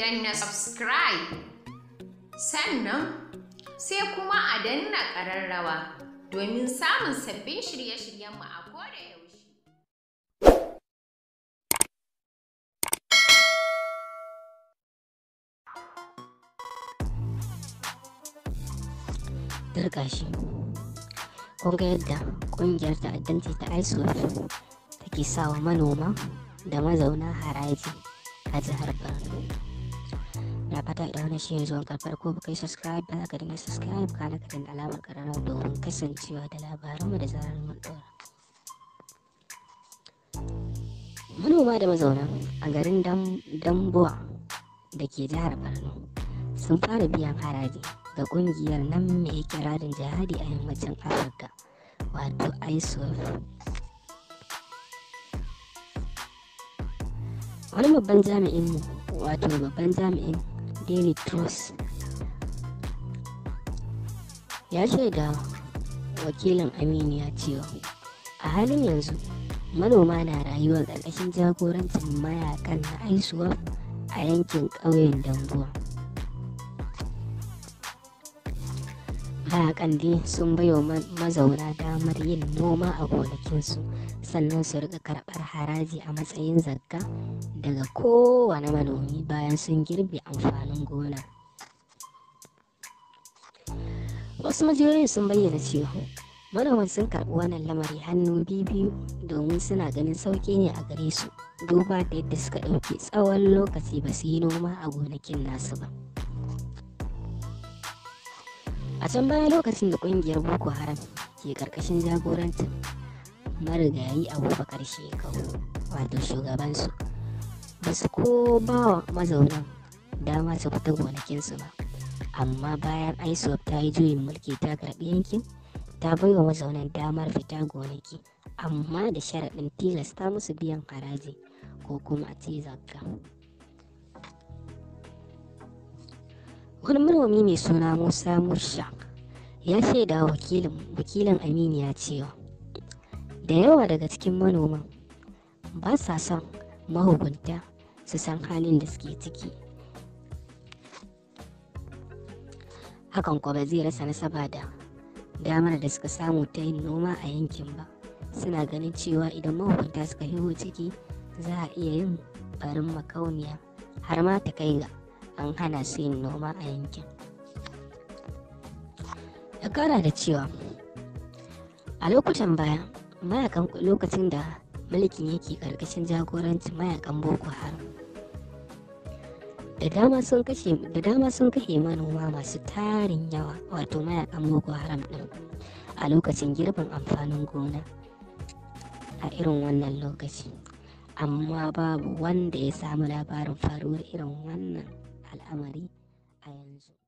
danna subscribe sannan sai kuma a danna ƙararrawa domin samun sabbin shirye-shiryenmu a koda yaushe. Turka kun ga yadda ƙungiyar ta'addanci ta ISOF take wa manoma da mazauna haraji a jihar Borno. fatan da idan wani shi ne zuwan ka farko ba kai subscribe ba ka dinga subscribe ka naka dinga alamar kararrawa domin kasancewa da labaranmu da zarar mun ɗora. manoma da mazauna a garin dambuwa da ke jihar borno sun fara biyan haraji ga kungiyar nan mai kirarin jihadi a yammacin afirka wato iso. wani babban jami'in wato babban jami'in Daily Trust ya shaida wakilin ya cewa a halin yanzu manoma na rayuwa ƙarƙashin jagorancin mayakan na aisuwa a yankin ƙauyen danguwa. mayakan dai sun bai wa mazauna damar yin noma a gonakinsu sannan su rika karɓar haraji a matsayin zakka daga kowane manomi bayan sun girbe amfanin gona wasu majiyoyin sun bayyana cewa manoman sun karɓi wannan lamari hannu biyu domin suna ganin sauƙi ne a gare su duba da yadda suka ɗauki tsawon lokaci ba su yi noma a gonakin nasu ba can baya lokacin da kungiyar boko haram ke karkashin jagorantar marigayi abubakar shekau wato shugabansu ba su ko ba wa mazaunan dama su fita gonakinsu ba amma bayan isop ta yi juyin mulki ta karbi yankin ta bai wa mazaunan damar fita gonaki amma da sharaɗin tilasta musu biyan haraji ko kuma a ce zakka wani mai suna musa musha ya shaida wakilin wakilin aminiya cewa da yawa daga cikin manoma ba sa son mahukunta su san halin da suke ciki hakan kwabe zai rasa nasaba da damar da suka samu ta yin noma a yankin ba suna ganin cewa idan mahukunta suka hiho ciki za a iya yin barin makauniya har ma ta kai ga an hana su yin noma a yankin ya kara da cewa a lokutan baya mayakan lokacin da mulkin yake karkashin jagoranci mayakan boko haram da dama sun kashe manoma masu tarin yawa wato mayakan boko haram din a lokacin girbin amfanin gona a irin wannan lokaci amma babu wanda ya samu labarin faruwar irin wannan al'amari a yanzu